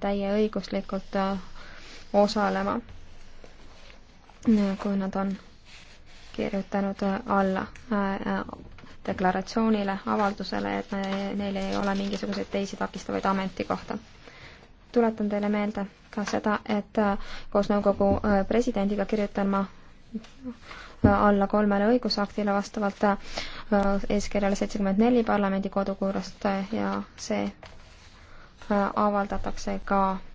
täieõiguslikult äh, osalema, kui nad on kirjutanud äh, alla äh, deklaratsioonile, avaldusele, et neil ei ole mingisuguseid teisi takistavaid ametikohta. tuletan teile meelde ka seda, et koos nõukogu presidendiga kirjutan ma alla kolmele õigusaktile vastavalt eeskirjale seitsekümmend neli parlamendi kodukorrast ja see Äh, avaldatakse ka